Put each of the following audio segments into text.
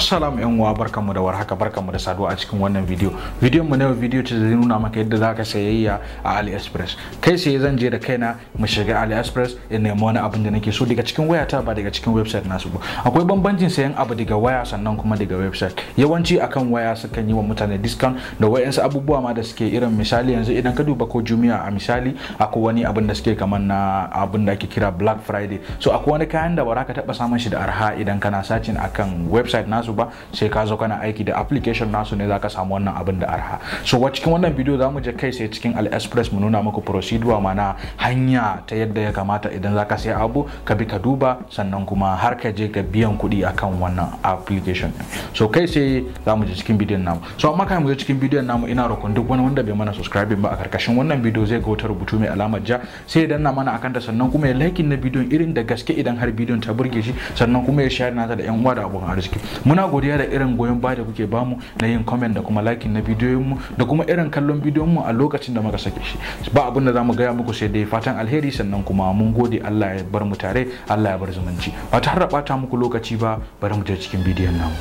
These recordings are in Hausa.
Assalamu yan uwa barkanmu da warhaka barkanmu da saduwa a cikin wannan bidiyo. Bidiyon mu na yau bidiyo ce zai nuna maka yadda zaka sayayya a AliExpress. Kai sai zan je da kaina mu shiga AliExpress in nemi wani abin da nake so daga cikin waya ta ba daga cikin website nasu ba. Akwai bambancin sayan abu daga waya sannan kuma daga website. Yawanci akan waya sukan yi wa mutane discount da wayansu abubuwa ma da suke irin misali yanzu idan ka duba ko Jumia a misali akwai wani abin da suke kamar na abin da ake kira Black Friday. So akwai wani kayan da ba ka taba samun shi da arha idan kana sacin akan website nasu nasu ba sai ka zo kana aiki da application nasu ne zaka samu wannan abin da arha so wa cikin wannan bidiyo za mu je kai sai cikin AliExpress mu nuna muku procedure mana hanya ta yadda ya kamata idan zaka sai abu ka bi ka duba sannan kuma har ka je ka biyan kuɗi akan wannan application so kai sai za mu je cikin bidiyon namu so amma kai mu je cikin bidiyon namu ina roƙon duk wani wanda bai mana subscribe ba a karkashin wannan bidiyo zai ga wata rubutu mai alamar ja sai ya danna mana akan ta sannan kuma ya like na bidiyon irin da gaske idan har bidiyon ta burge shi sannan kuma ya share nata da yan uwa da abokan arziki muna muna godiya da irin goyon baya da kuke bamu na yin comment da kuma liking na bidiyon mu da kuma irin kallon bidiyon mu a lokacin da muka sake shi ba abin da zamu gaya muku sai dai fatan alheri sannan kuma mun gode Allah ya bar mu tare Allah ya bar zumunci ba ta harba ta muku lokaci ba bari mu je cikin bidiyon namu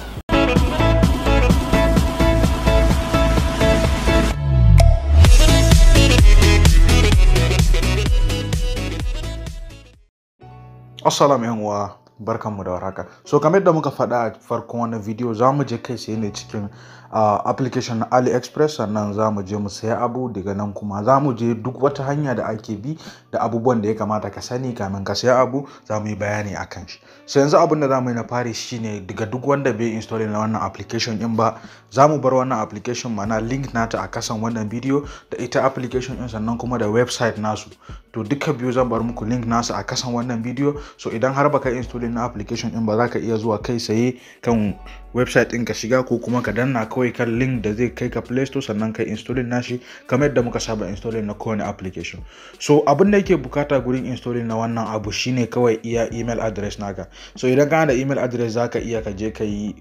Assalamu yan uwa barkanmu da warhaka so kamar yadda muka faɗa a farko wani video za mu je kai sai ne cikin application na aliexpress sannan za mu je mu saya abu daga nan kuma za mu je duk wata hanya da ake bi da abubuwan da ya kamata ka sani kamin ka saya abu za mu yi bayani a kan shi so yanzu abin da za mu yi na fari ne, daga duk wanda bai install na wannan application in ba za mu bar wannan application mana link nata a kasan wannan video da ita application din sannan kuma da website nasu to duka biyu zan bar muku link nasu a kasan wannan video so idan har baka install na application din ba za ka iya zuwa kai tsaye kan website ɗin ka shiga ko kuma ka danna kawai kan link da zai kai ka play store sannan kai installing nashi kamar yadda muka saba installing na kowane application so abin da yake bukata gurin installing na wannan abu shine kawai iya email address naka so idan kana da email address zaka iya ka je ka yi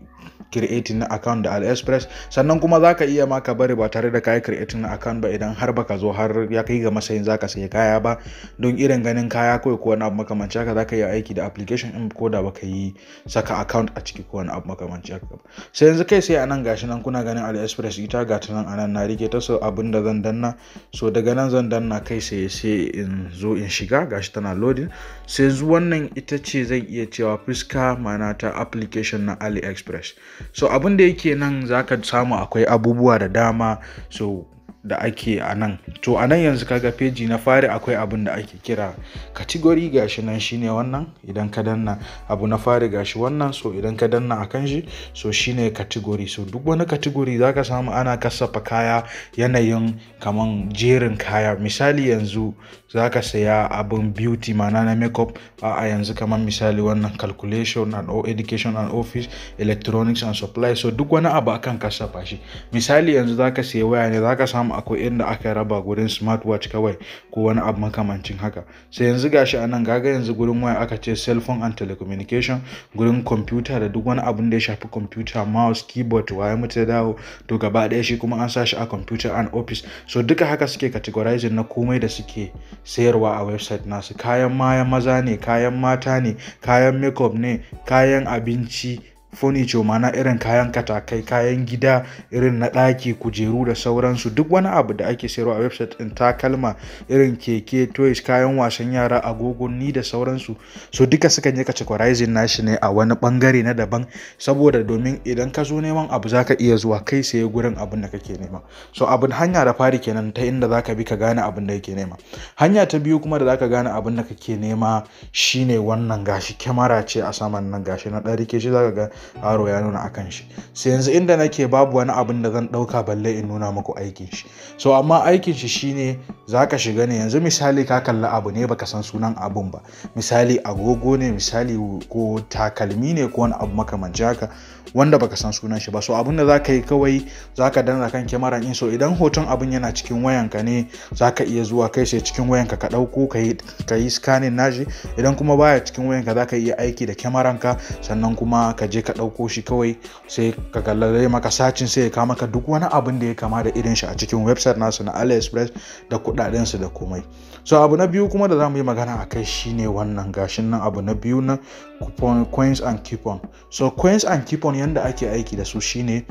creating na account da aliexpress sannan kuma zaka iya ma ka bari ba tare da kai creating na account ba idan har baka zo har ya kai ga masayin zaka saya kaya ba don irin ganin kaya kawai ko wani abu makamanci haka zaka iya aiki da application din ko da baka yi saka account a ciki ko wani abu makamanci ba sai yanzu kai sai anan gashi nan kuna ganin aliexpress ita ga ta nan a na rike ta so abin da zan danna so daga nan zan danna kai sai sai in zo in shiga gashi tana loading sai zu wannan ita ce zan iya cewa fuska mana ta application na aliexpress so abin da yake nan zaka samu akwai abubuwa da dama so da ake a nan to a nan yanzu kaga feji na fari akwai abin da ake kira category gashi nan shine wannan idan ka danna abu na fari gashi wannan so idan ka danna a kan shi so shine category so duk wani category zaka samu ana kasafa kaya yanayin kaman jerin kaya misali yanzu zaka saya abin beauty mana na makeup a yanzu kaman misali wannan calculation and education and office electronics and supply so duk wani abu akan kasafa shi misali yanzu zaka saya waya ne zaka samu akwai inda aka raba gurin smartwatch kawai ko wani abu makamancin haka sai yanzu gashi a nan gaga yanzu gurin waya aka ce cell phone and telecommunication gurin computer da duk wani abun da ya shafi computer mouse keyboard waya mutu dawo to gaba ɗaya shi kuma an sa a computer and office so duka haka suke categorizing na komai da suke sayarwa a website nasu kayan maya maza ne kayan mata ne kayan makeup ne kayan abinci furniture mana irin kayan katakai kayan gida irin na ɗaki kujeru da sauransu duk wani abu da ake sayarwa a website ɗin takalma irin keke toys kayan wasan yara agogo ni da sauransu so duka sukan yi categorizing nashi ne a wani bangare na daban saboda domin idan ka zo neman abu zaka iya zuwa kai sai gurin abin da kake nema so abin hanya da fari kenan ta inda zaka bi ka gane abin da kake nema hanya ta biyu kuma da zaka gane abin da kake nema shine wannan gashi kyamara ce a saman nan gashi na ɗari ke shi zaka ga aro ya nuna a kan shi sai yanzu inda nake babu wani abin da zan ɗauka balle in nuna muku aikin shi so amma aikin shi shine za ka shiga ne yanzu misali ka kalla abu ne baka san sunan abun ba misali agogo ne misali ko takalmi ne ko wani abu makamanci haka wanda baka san sunan shi ba so abin da za ka yi kawai zaka ka danna kan kyamaran in so idan hoton abin yana cikin wayanka ne za iya zuwa kai sai cikin wayanka ka ɗauko ka yi scanning nashi idan kuma baya cikin wayanka za ka iya aiki da kyamaran ka sannan kuma ka je ka ɗauko shi kawai sai ka kallare maka sacin sai ya kama ka duk wani abin da ya kama da irin shi a cikin website nasu na aliexpress da kuɗaɗen su da komai so abu na biyu kuma da zamu yi magana akai kai shine wannan gashin nan abu na biyu na coins and coupon so coins and coupon yanda ake aiki da su shine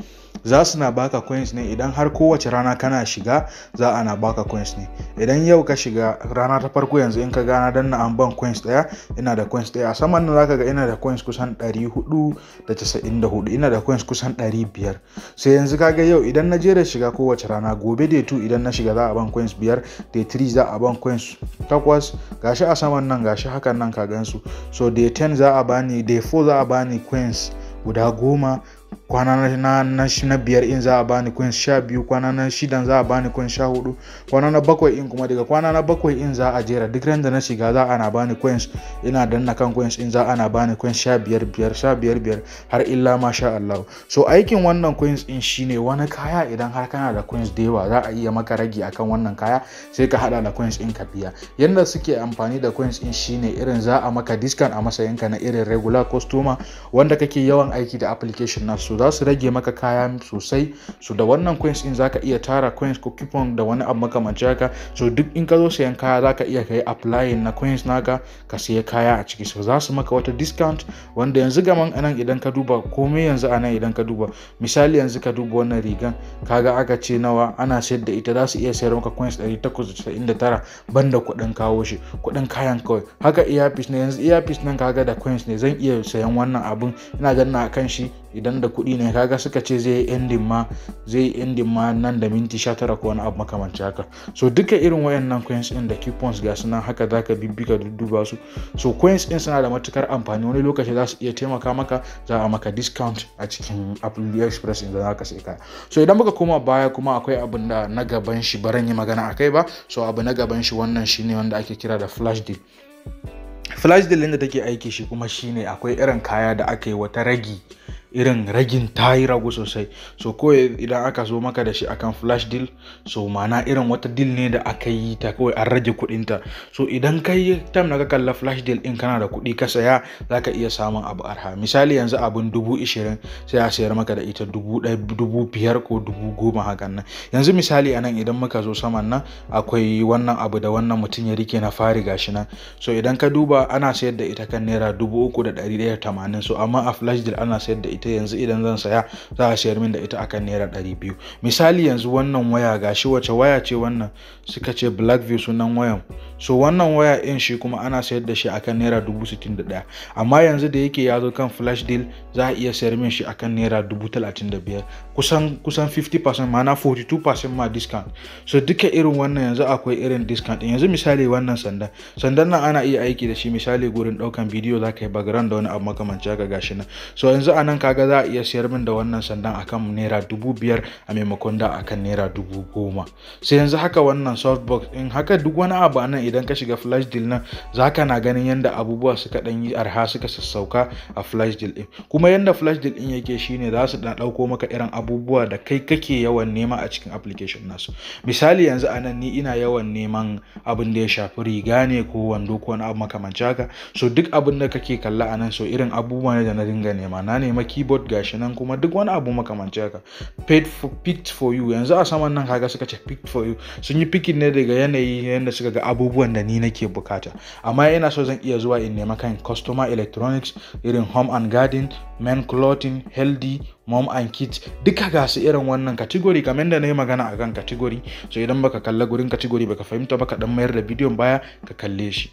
za su na baka coins ne idan har kowace rana kana shiga za a na baka coins ne idan yau ka shiga rana ta farko yanzu in ka gana don na an ban coins daya ina da coins daya a saman nan zaka ga ina da coins kusan 494 ina da coins kusan 500 sai yanzu kaga yau idan na je da shiga kowace rana gobe day 2 idan na shiga za a ban coins 5 day 3 za a ban coins takwas gashi a saman nan gashi hakan nan ka gansu so day 10 za a bani day 4 za a bani coins guda goma kwana na, na, na biyar in za a bani coins sha biyu kwana na shidan za a bani coins sha hudu kwana na bakwai in kuma daga kwana na bakwai in za a jera duk ran da na shiga za ana bani coins ina danna kan coins in za ana bani coins sha biyar biyar sha biyar biyar har illa ma sha Allah so aikin wannan coins in shine wani kaya idan har kana da coins da yawa za a iya maka ragi akan wannan kaya sai ka hada da coins in ka biya yanda suke amfani da coins in shine irin za a maka discount a matsayinka na irin regular customer wanda kake yawan aiki da application na so za su rage maka kaya sosai su da wannan coins in zaka iya tara coins ko coupon da wani abu makamanci haka so duk in ka zo sayan kaya zaka iya kai applying na coins naka ka siya kaya a ciki so za su maka wata discount wanda yanzu gaman anan idan ka duba komai yanzu anan idan ka duba misali yanzu ka duba wannan rigan kaga aka ce nawa ana sayar da ita za su iya sayar maka coins 899 banda kuɗin kawo shi kuɗin kayan kawai haka earpiece ne yanzu earpiece nan kaga da coins ne zan iya sayan wannan abun ina ganin a kan shi idan da kuɗi ne kaga suka ce zai yi ma zai ma nan da minti 19 ko wani abu makamanci haka so duka irin wayannan coins din da coupons ga su nan haka zaka bibbika dudduba su so coins din suna da matukar amfani wani lokaci za su iya taimaka maka za a maka discount a cikin Apple Express idan zaka sai kaya so idan baka koma baya kuma akwai abin da na gaban shi baran yi magana akai ba so abu na gaban shi wannan shine wanda ake kira da flash deal flash deal da take aiki shi kuma shine akwai irin kaya da aka yi wata ragi irin ragin ta yi ragu sosai so kawai idan aka zo maka da shi akan flash deal so mana irin wata deal ne da aka yi ta kawai an rage kuɗinta so idan ka yi time na ka kalla flash deal in kana da kuɗi ka saya za ka iya samun abu arha misali yanzu abin dubu ishirin sai a sayar maka da ita dubu ɗaya dubu biyar ko dubu goma hakan nan yanzu misali anan idan muka zo saman nan akwai wannan abu da wannan mutum ya rike na fari gashi nan so idan ka duba ana sayar da ita kan naira dubu uku da ɗari ɗaya tamanin so amma a flash deal ana sayar da ita yanzu idan zan saya za a sayar min da ita akan naira ɗari biyu misali yanzu wannan waya gashi wace waya ce wannan suka ce blackview sunan wayan so wannan waya in shi kuma ana sayar da shi akan naira dubu amma yanzu da yake ya zo kan flash deal za a iya sayar min shi akan naira dubu talatin da biyar kusan kusan 50% ma'ana 42% ma discount so duka irin wannan yanzu akwai irin discount yanzu misali wannan sanda sandan nan ana iya aiki da shi misali gurin ɗaukan bidiyo za ka yi background da wani abu makamanci haka gashi nan so yanzu anan kaga za a iya sayar min da wannan sandan akan naira dubu a maimakon da akan naira dubu sai yanzu haka wannan softbox in haka duk wani abu nan idan ka shiga flash deal nan zaka na ganin yanda abubuwa suka dan yi arha suka sassauka a flash deal din kuma yanda flash deal din yake shine za su dan dauko maka irin abubuwa da kai kake yawan nema a cikin application nasu misali yanzu anan ni ina yawan neman abin da ya shafi riga ne ko wando ko wani abu makamanci haka so duk abin da kake kalla anan so irin abubuwa ne da na dinga nema na nema keyboard gashi nan kuma duk wani abu makamanci haka paid for picked for you yanzu a saman nan kaga suka ce picked for you sun yi pick thinking ne daga yanayi yadda suka ga abubuwan da ni nake bukata amma ina so zan iya zuwa in nema kan customer electronics irin home and garden men clothing healthy mom and kids duka ga su irin wannan category kamar da na yi magana a kan category so idan baka kalla gurin category baka fahimta baka dan mayar da bidiyon baya ka kalle shi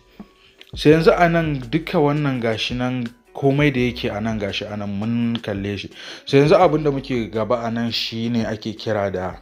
sai yanzu a nan duka wannan gashi nan komai da yake a nan gashi a nan mun kalle shi sai yanzu abin da muke gaba a nan shine ake kira da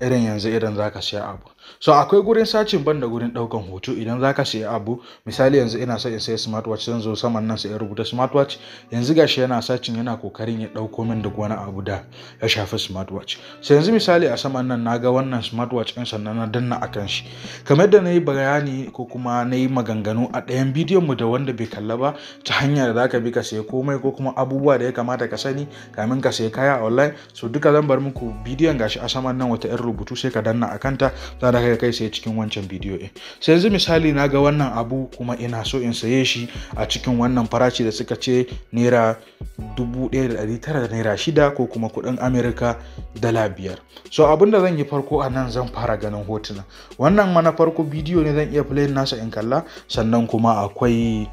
irin yanzu idan zaka siya abu so akwai gurin sacin ban da gurin daukan hoto idan za ka sayi abu misali yanzu ina son in sayi smartwatch zan zo saman nan sai rubuta smartwatch yanzu gashi yana sacin yana kokarin ya dauko min duk wani abu da ya shafi smartwatch sai yanzu misali a saman nan naga wannan smartwatch din sannan na danna akan shi kamar da nayi bayani ko kuma nayi maganganu a ɗayan bidiyon mu da wanda bai kalla ba ta hanyar da zaka bi ka sayi komai ko kuma abubuwa da ya kamata ka sani kamin ka sayi kaya online so duka zan bar muku bidiyon gashi a saman nan wata 'yan rubutu sai ka danna akanta za za ka kai sai cikin wancan bidiyo ɗin sai yanzu misali na ga wannan abu kuma ina so in saye shi a cikin wannan farashi da suka ce naira da naira shida ko kuma kuɗin amerika dala biyar so abin da zan yi farko a nan zan fara ganin hotuna wannan mana farko bidiyo ne zan iya play nasa in kalla sannan kuma akwai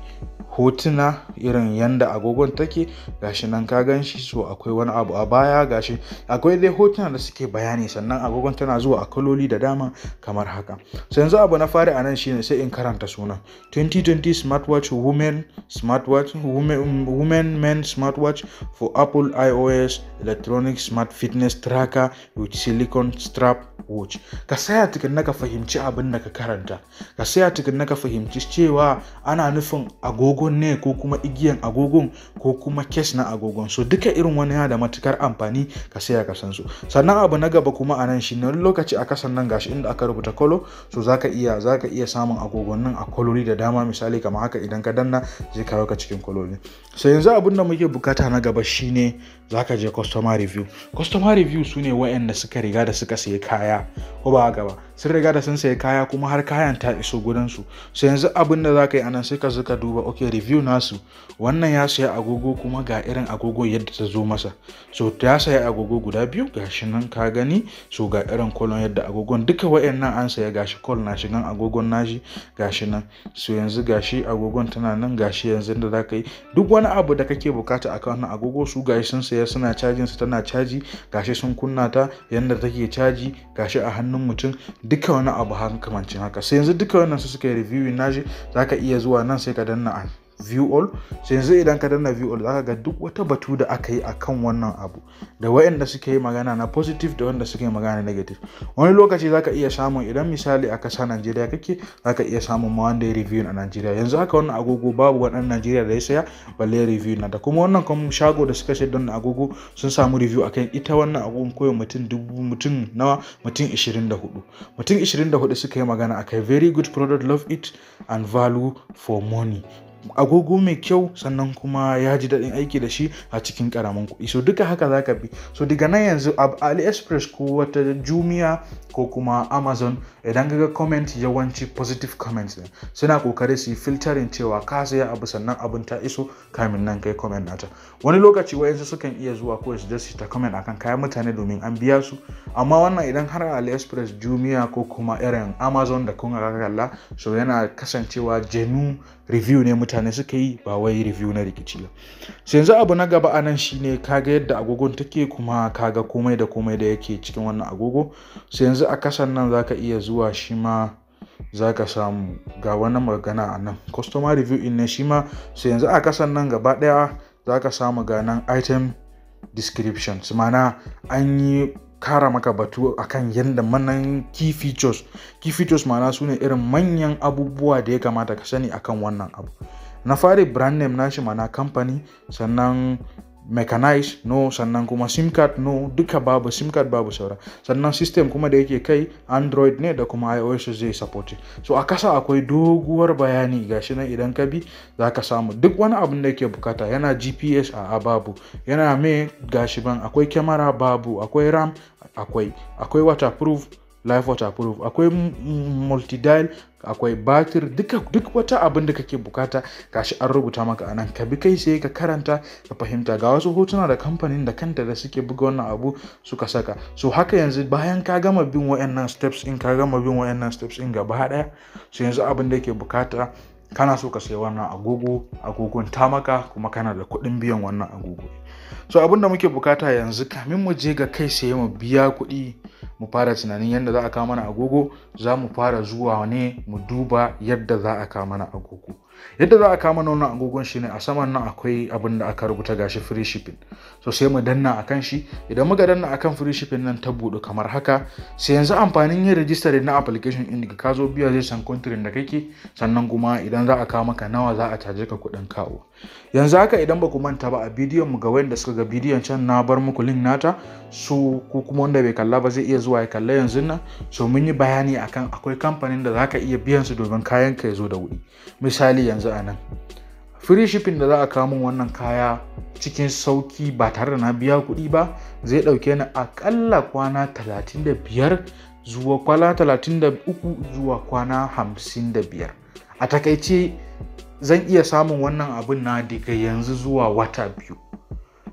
hotuna irin yanda agogon take gashi nan ka gan shi so akwai wani abu a baya gashi akwai dai hotuna da suke bayani sannan agogon tana zuwa a kaloli da dama kamar haka so yanzu abu na fari a nan shine sai in karanta sunan 2020 smartwatch women smartwatch women, women men smartwatch for apple ios electronic smart fitness tracker with silicon strap coach ka saya tukunna ka fahimci abin da ka karanta ka saya tukunna ka fahimci cewa ana nufin agogon ne ko kuma igiyan agogon ko kuma kes na agogon so duka irin wani yana da matukar amfani ka saya ka san su sannan abu na gaba kuma a nan shine wani lokaci a kasan nan gashi inda aka rubuta kolo so zaka iya zaka iya samun agogon nan a kolori da dama misali kamar haka idan ka danna zai kawo ka cikin kolori so yanzu abin da muke bukata na gaba shine za ka je customer review customer review su ne wa'anda suka riga da suka sayi kaya ko ba gaba sun riga da sun sayi kaya kuma har kayan ta iso gudansu su yanzu abin da za ka yi anan sai ka zuka duba ok review nasu wannan ya saya agogo kuma ga irin agogo yadda ta zo masa so ya saya agogo guda biyu gashi nan ka gani so ga irin kolon yadda agogon duka wa'annan an saya gashi kol na shigan agogon nashi shi nan so yanzu gashi agogon tana nan gashi yanzu da za ka yi duk wani abu da kake bukata akan wannan agogo su ga shi sun saya saya suna cajin su tana caji gashi sun kunna ta yanda take caji gashi a hannun mutum duka wani abu hankamancin haka sai yanzu duka wannan su suka yi review naji zaka iya zuwa nan sai ka danna view all yanzu idan ka danna view all zaka ga duk wata batu da aka yi akan wannan abu da wayanda suke yi magana na positive da wanda suke magana negative wani lokaci zaka iya samun idan misali a kasa Najeriya kake zaka iya samun ma wanda ya review a Najeriya yanzu haka wannan agogo babu wannan Najeriya da ya saya balle review na da kuma wannan kuma shago da suka sayar na agogo sun samu review akan ita wannan agogon koyo mutum dubu mutum nawa mutum 24 mutum 24 suka yi magana akai very good product love it and value for money agogo mai kyau sannan kuma ya ji daɗin aiki da shi a cikin ƙaramin kuɗi so duka haka za ka bi so daga nan yanzu a aliexpress ko wata jumia ko kuma amazon idan ga comment yawanci positive comments ne suna kokari su yi filtering cewa ka saya abu sannan abin ta iso kamin nan kai comment nata wani lokaci wayansu sukan iya zuwa ko su je ta comment akan kayan mutane domin an biya su amma wannan idan har aliexpress jumia ko kuma irin amazon da kun ga kalla so yana kasancewa genuine review ne mutane suka yi ba wai review na rikici ba sai yanzu abu na gaba anan shine kaga yadda agogon take kuma kaga komai da komai da yake cikin wannan agogo sai yanzu a kasan nan zaka iya zuwa shi ma zaka samu ga wani magana a nan customer review in ne shi ma sai yanzu a kasan nan gaba daya zaka samu ga nan item su mana an yi kara maka batu akan yadda manan key features key features ma'ana su ne irin manyan abubuwa da ya kamata ka sani akan wannan abu na fari brand name nashi ma'ana kamfani sannan mechanized no sannan kuma sim card no duka babu sim card babu saura sannan system kuma da yake kai android ne da kuma ios zai support so a kasa akwai doguwar bayani gashi nan idan ka bi za ka samu duk wani abin da yake bukata yana gps a babu yana mai gashi ban akwai kyamara babu akwai ram akwai akwai waterproof life a proof akwai multidial akwai batir duka duk wata abin da kake bukata gashi an rubuta maka anan ka bi kai sai ka karanta ka fahimta ga wasu hotuna da kamfanin da kanta da suke buga wannan abu suka saka so haka yanzu bayan ka gama bin wayannan steps in ka gama bin wayannan steps in gaba daya so yanzu abin da yake bukata kana so ka sayi wannan agogo agogon ta maka kuma kana da kuɗin biyan wannan agogo so abin da muke bukata yanzu kamin mu je ga kai sai mu biya kuɗi mu fara tunanin yadda za a kawo mana agogo za mu fara zuwa ne mu duba yadda za a kawo mana agogo yadda za a kama nuna agogon shi ne a saman nan akwai abin da aka rubuta gashi free shipping so sai mu danna akan shi idan muka danna akan free shipping nan ta buɗe kamar haka sai yanzu amfanin yin register na application din ka zo biya zai san country da kake sannan kuma idan za a kawo maka nawa za a caje ka kuɗin kawo yanzu haka idan ba ku manta ba a bidiyon mu ga wanda suka ga bidiyon can na bar muku link nata su ko kuma wanda bai kalla ba zai iya zuwa ya kalla yanzu nan so mun yi bayani akan akwai kamfanin da zaka iya biyan su domin kayan ka ya zo da wuri misali yanzu anan nan free shipping da za a kawo min wannan kaya cikin sauki ba tare da na biya kuɗi ba zai ɗauke ni aƙalla kwana 35 zuwa kwana 33 zuwa kwana 55 a takaice zan iya samun wannan abin na daga yanzu zuwa wata biyu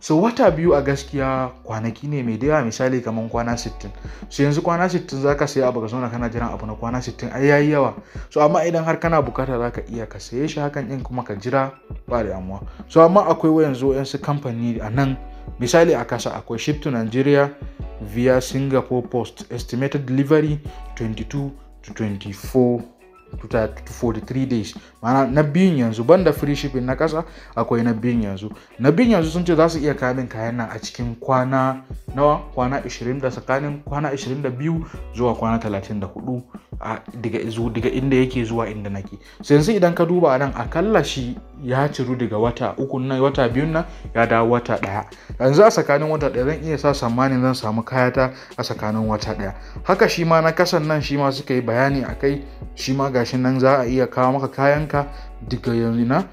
so wata biyu a gaskiya kwanaki ne mai da yawa misali kamar kwana 60 so yanzu kwana 60 zaka sai abu ka zauna kana jira abu na kwana 60 ai yayi yawa so amma idan har kana bukata zaka iya ka saye shi hakan din kuma ka jira ba da yamuwa so amma akwai wayan zo kamfani a nan misali a kasa akwai ship to Nigeria via Singapore Post estimated delivery 22 to 24 to 43 days mana na biyun yanzu banda free shipping na ƙasa akwai na biyun yanzu na biyun yanzu sun ce za su iya kamin kayan nan a cikin kwana nawa kwana 20 da tsakanin kwana 22 zuwa kwana 34 daga inda yake zuwa inda nake sai yanzu idan ka duba nan akalla shi ya ciru daga wata uku na wata biyun nan ya dawo wata ɗaya yanzu a tsakanin wata ɗaya zan iya sa tsammanin zan samu kayata a tsakanin wata ɗaya haka shi ma na kasan nan shi ma suka yi bayani akai shi ma gashin nan za a iya kawo maka ka. ka diga yanzu na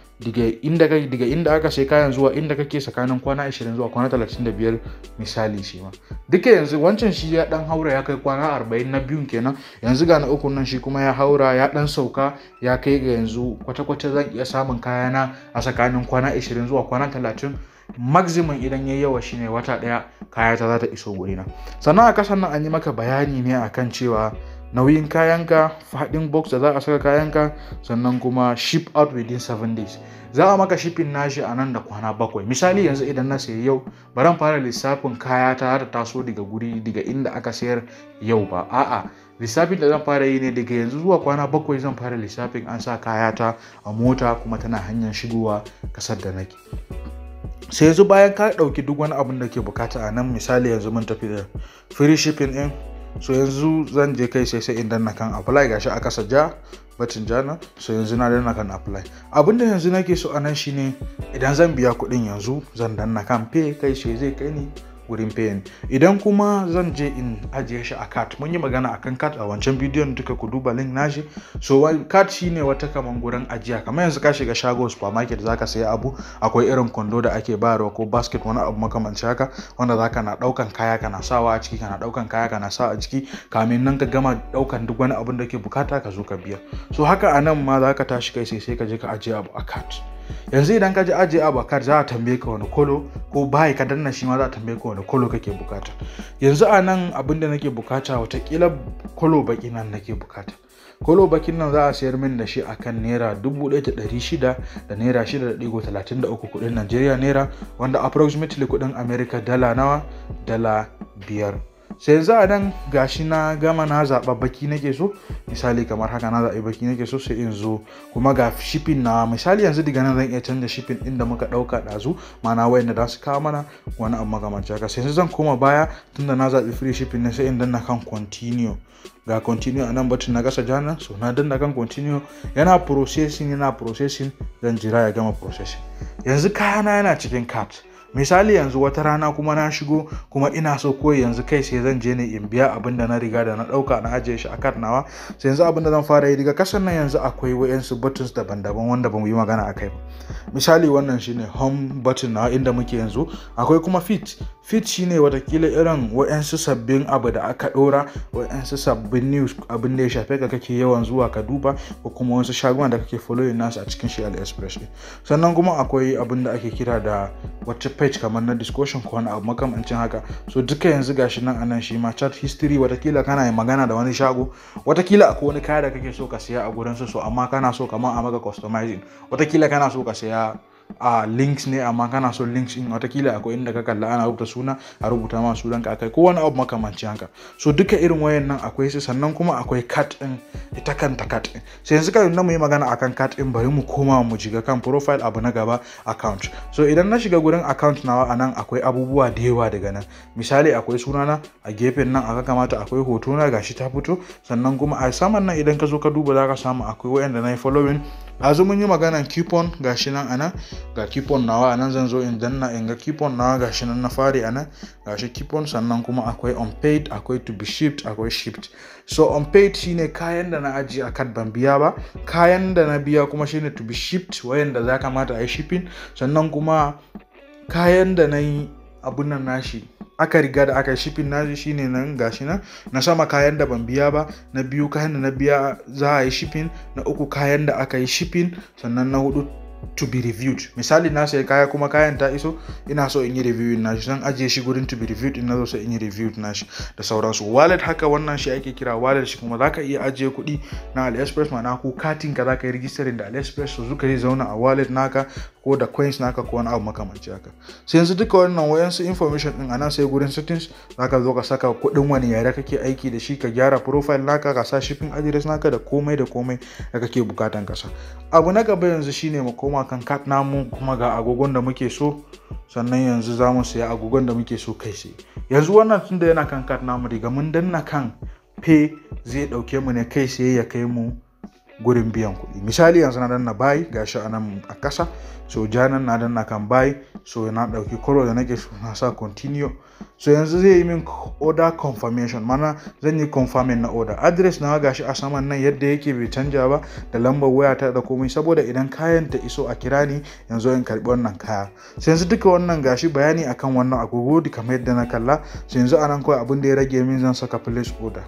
inda ka diga inda aka sai kayan zuwa inda kake tsakanin kwana 20 zuwa kwana 35 misali shi ma duka yanzu wancan shi ya dan haura ya kai kwana 40 na biyun kenan yanzu ga na uku nan shi kuma ya haura ya dan sauka ya kai ga yanzu kwata-kwata zan iya samun kayana a tsakanin kwana 20 zuwa kwana 30 maximum idan ya yawa shine wata daya kayata za ta iso gurina sannan a kasan nan an yi maka bayani ne akan cewa nauyin kayanka faɗin box da za a saka kayanka sannan kuma ship out within 7 days za a maka shipping nashi a nan da kwana bakwai misali yanzu idan na sayi yau baran fara lissafin kaya ta ta taso daga guri daga inda aka sayar yau ba a'a lissafin da zan fara yi ne daga yanzu zuwa kwana bakwai zan fara lissafin an sa kaya ta a mota kuma tana hanyar shigowa kasar da nake sai yanzu bayan ka ɗauki duk wani abin da ke bukata a nan misali yanzu mun tafi da free shipping din so yanzu zan je kai sai sai in danna kan apply gashi a kasa ja batin jana so yanzu na danna kan apply da yanzu nake so anan shine idan zan biya kuɗin yanzu zan danna kan pay kai sai zai kai ni wurin payin idan kuma zan je in ajiye shi a kat. mun yi magana a kan kat a wancan bidiyon duka ku duba link nashi so cat shine wata kaman gurin ajiya kamar yanzu ka shiga shago supermarket zaka sayi abu akwai irin kwando da ake bayarwa ko basket wani abu makamanci haka wanda zaka na daukan kaya kana sawa a ciki kana daukan kaya kana sa a ciki kamin nan ka gama daukan duk wani abun da ke bukata ka zo ka biya so haka anan ma zaka tashi kai sai sai ka je ka ajiye abu a kat. yanzu idan ka ji a abakar za a tambaye ka wani kolo ko bai ka danna shi ma za a tambaye ka wani kolo kake bukata yanzu a nan abin da nake bukata watakila kolo baki nan nake bukata kolo bakin nan za a sayar min da shi a kan naira 1,600 da naira 6.33 kudin najeriya naira wanda approximately kudin america dala nawa dala biyar sai za a nan gashi na gama na zaɓa baki nake so misali kamar haka na zaɓi baki nake so sai in zo kuma ga shipping na misali yanzu daga nan zan iya canza shipping ɗin da muka ɗauka ɗazu mana wayan da su kawo mana wani abu makamanci haka sai zan koma baya tunda na zaɓi free shipping na sai in danna kan continue ga continue a nan batun na ƙasa jana so na danna kan continue yana processing yana processing zan jira ya gama processing yanzu kayana yana cikin cart misali yanzu wata rana kuma na shigo kuma ina so koyi yanzu kai sai zan je ne in biya abin da na riga da na dauka na ajiye shi a kan nawa sai yanzu abin da zan fara yi daga kasan nan yanzu akwai wayansu buttons daban-daban wanda ban yi magana akai ba misali wannan shine home button na inda muke yanzu akwai kuma fit fit shine watakila irin wayansu sabbin abu da aka ɗora wayansu sabbin news abin da ya shafe ka kake yawan zuwa ka duba ko kuma wasu shaguna da kake following nasu a cikin shi express sannan kuma akwai abin da ake kira da wacce page kamar na discussion ko wani abu makamancin haka so duka yanzu gashi nan anan shi ma chat history watakila kana magana da wani shago watakila akwai wani kaya da kake so ka siya a gurin su so amma kana so kamar a maka customizing watakila kana so ka siya a links ne amma kana son links in watakila akwai inda ka kalla ana rubuta suna a rubuta ma sunan ka akai ko wani abu makamanci haka so duka irin nan akwai su sannan kuma akwai cut in ita kanta cut in sai yanzu mu yi magana akan cut in bari mu koma mu jiga kan profile abu na gaba account so idan na shiga gurin account nawa anan akwai abubuwa da yawa daga nan misali akwai sunana a gefen nan aka kamata akwai hoto na gashi ta fito sannan kuma a saman nan idan ka zo ka duba za ka samu akwai wayanda na yi following A zo mun yi maganan coupon gashi nan ana ga coupon nawa a nan zan zo in danna in ga coupon nawa gashi nan na fari anan gashi coupon sannan kuma akwai unpaid akwai to be shipped akwai shipped so unpaid shine kayan da na aji a kad ban biya ba kayan da na biya kuma shine to be shipped wayanda za kamata a yi shipping sannan kuma kayan da na yi abun nashi aka riga da aka shipping shi shine nan gashi nan na sama kayan da ban biya ba na biyu kayan da na biya za a yi shipping na uku kayan da aka yi shipping sannan na hudu to be reviewed misali na sai kaya kuma kayan ta iso ina so in yi na shi, zan ajiye shi gurin to be reviewed ina so in yi reviewed shi, da sauransu wallet haka wannan shi ake kira wallet shi kuma zaka iya ajiye kuɗi na AliExpress ma na ko katin ka zaka yi registering da AliExpress so zuka yi zauna a wallet naka ko da coins naka ko wani abu makamanci haka sai yanzu duka wannan wayansu information din anan sai gurin settings zaka zo ka saka kuɗin wani yare kake aiki da shi ka gyara profile naka ka sa shipping address naka da komai da komai da kake bukatan kasa abu na gaba yanzu shine mu koma kan card namu kuma ga agogon da muke so sannan yanzu za mu saya agogon da muke so kai sai yanzu wannan tunda yana kan card namu daga mun danna kan pay zai dauke mu ne kai sai ya kai mu gurin biyan kuɗi misali yanzu na danna bayi gashi a nan a ƙasa so janan na danna kan bayi so na ɗauki kolo da nake na sa continue so yanzu zai yi min order confirmation mana zan yi confirming na order address na gashi a saman nan yadda yake bai canja ba da lambar waya ta da komai saboda idan kayan ta iso a kira ni yanzu in karbi wannan kaya so yanzu duka wannan gashi bayani akan wannan agogo kamar yadda na kalla so yanzu anan kawai abin da ya rage min zan saka place order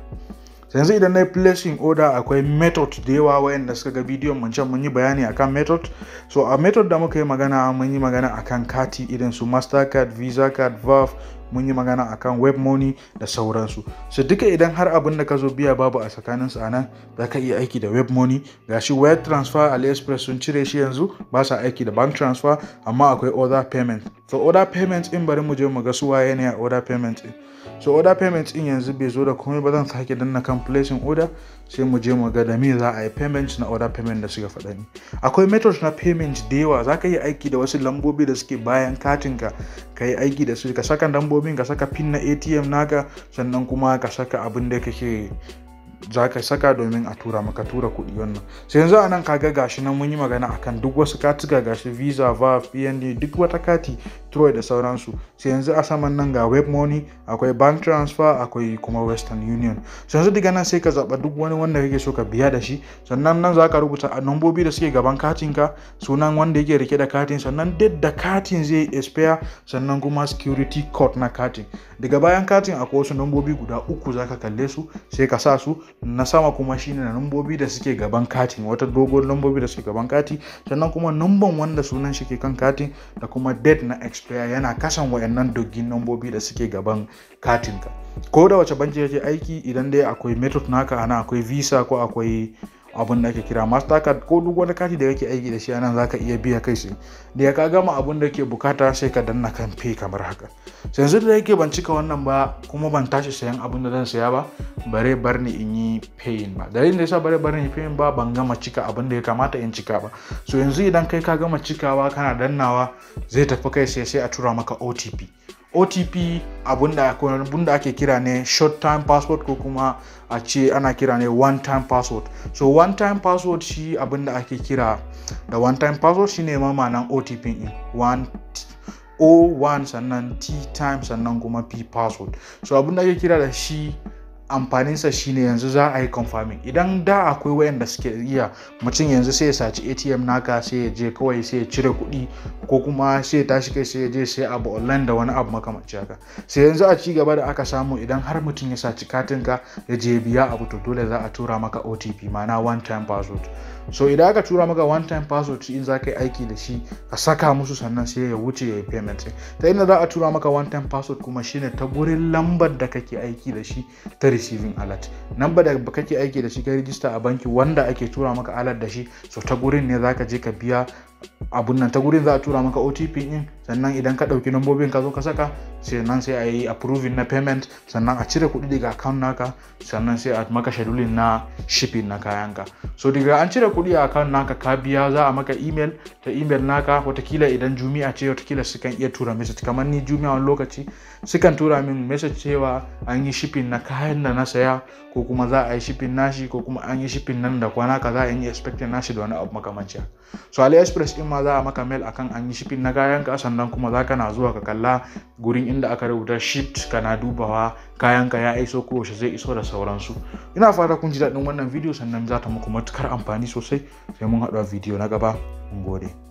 yanzu idan na yi placing order akwai method da yawa wayanda suka ga bidiyon mun can mun yi bayani akan method so a method da muka yi magana mun yi magana akan kati irin su mastercard visa card valve mun yi magana akan web money da sauransu su duka idan har abin da ka zo biya babu a tsakanin su anan za ka iya aiki da web money gashi wire transfer aliexpress sun cire shi yanzu ba sa aiki da bank transfer amma akwai other payment so other payment in bari mu je mu ga su waye ne a other payment so order payment in yanzu bai zo da komai ba zan sake danna kan order sai mu je mu ga da me za a yi payment na order payment da suka faɗa ni akwai methods na payment da yawa za ka yi aiki da wasu lambobi da suke bayan katinka ka yi aiki da su ka saka lambobin ka saka pin na atm naka sannan kuma ka saka abin da kake za ka saka domin a tura maka tura kuɗi wannan sai yanzu a nan kaga gashi nan mun yi magana akan duk wasu katuka gashi visa vav pnd duk wata kati troy da sauransu sai yanzu a saman nan ga web money akwai bank transfer akwai kuma western union sai yanzu daga nan sai ka zaɓa duk wani wanda kake so ka biya da shi sannan nan za ka rubuta a nambobi da suke gaban katin ka sunan wanda yake rike da katin sannan duk da katin zai expire sannan kuma security code na katin daga bayan katin akwai wasu nambobi guda uku zaka kalle su sai ka sa su na sama kuma shine na nambobi da suke gaban katin wata dogon nambobi da suke gaban katin, sannan kuma numban wanda sunan shi ke kan katin da kuma date na expire yana kasan wayannan dogin nambobi da suke gaban katin ka ko da wace banki yake aiki idan dai akwai method naka ana akwai visa ko akwai abin da ake kira mastercard ko duk wani kati da kake aiki da shi anan zaka iya biya kai shi da ya ka gama abin da ke bukata sai ka danna kan pay kamar haka yanzu da yake ban cika wannan ba kuma ban tashi sayan abin da zan saya ba bare bar ni in yi payin ba dalilin da yasa bare bar ni payin ba ban gama cika abin da ya kamata in cika ba so yanzu idan kai ka gama cikawa kana dannawa zai tafi kai sai sai a tura maka OTP otp abunda ake kira ne short time password ko kuma a ce ana kira ne one time password so one time password shi abunda ake kira da one time password shine ma ma'anan otp in one o1 sannan t time sannan kuma p password so abunda ake kira da shi amfanin sa shine yanzu za a yi confirming idan da akwai wayanda suke iya mutum yanzu sai ya saci atm naka sai ya je kawai sai ya cire kuɗi ko kuma sai ya tashi kai sai ya je sai abu online da wani abu makamanci haka sai yanzu a ci gaba da aka samu idan har mutum ya saci katinka ya je biya abu to dole za a tura maka otp ma'ana one time password so idan aka tura maka one time password in za ka yi aiki da shi ka saka musu sannan sai ya wuce ya yi payment ta inda za a tura maka one time password kuma shine ta gurin lambar da kake aiki da shi ta receiving alert lambar da kake aiki da shi ka register a banki wanda ake tura maka alert da shi so ta gurin ne za ka je ka biya abun nan ta gurin za a tura maka otp din sannan idan ka ɗauki lambobin ka zo ka saka sannan sai a yi approving na payment sannan a cire kuɗi daga account naka sannan sai a maka scheduling na shipping na kayanka so daga an cire kuɗi a account naka ka biya za a maka email ta email naka watakila idan jumi'a ce watakila sukan iya tura message kamar ni jumi'a wani lokaci sukan tura min message cewa an yi shipping na kayan da na saya ko kuma za a yi shipping nashi ko kuma an yi shipping nan da kwana kaza in yi expecting nashi da wani abu makamanci so ali express din ma za a maka mail akan an yi shipping na kayan ka sannan kuma za na zuwa ka kalla gurin inda aka rubuta shift kana dubawa kayan ka ya iso ko zai iso da sauransu ina fata kun ji daɗin wannan video sannan za ta muku matukar amfani sosai sai mun haɗu a video na gaba mun gode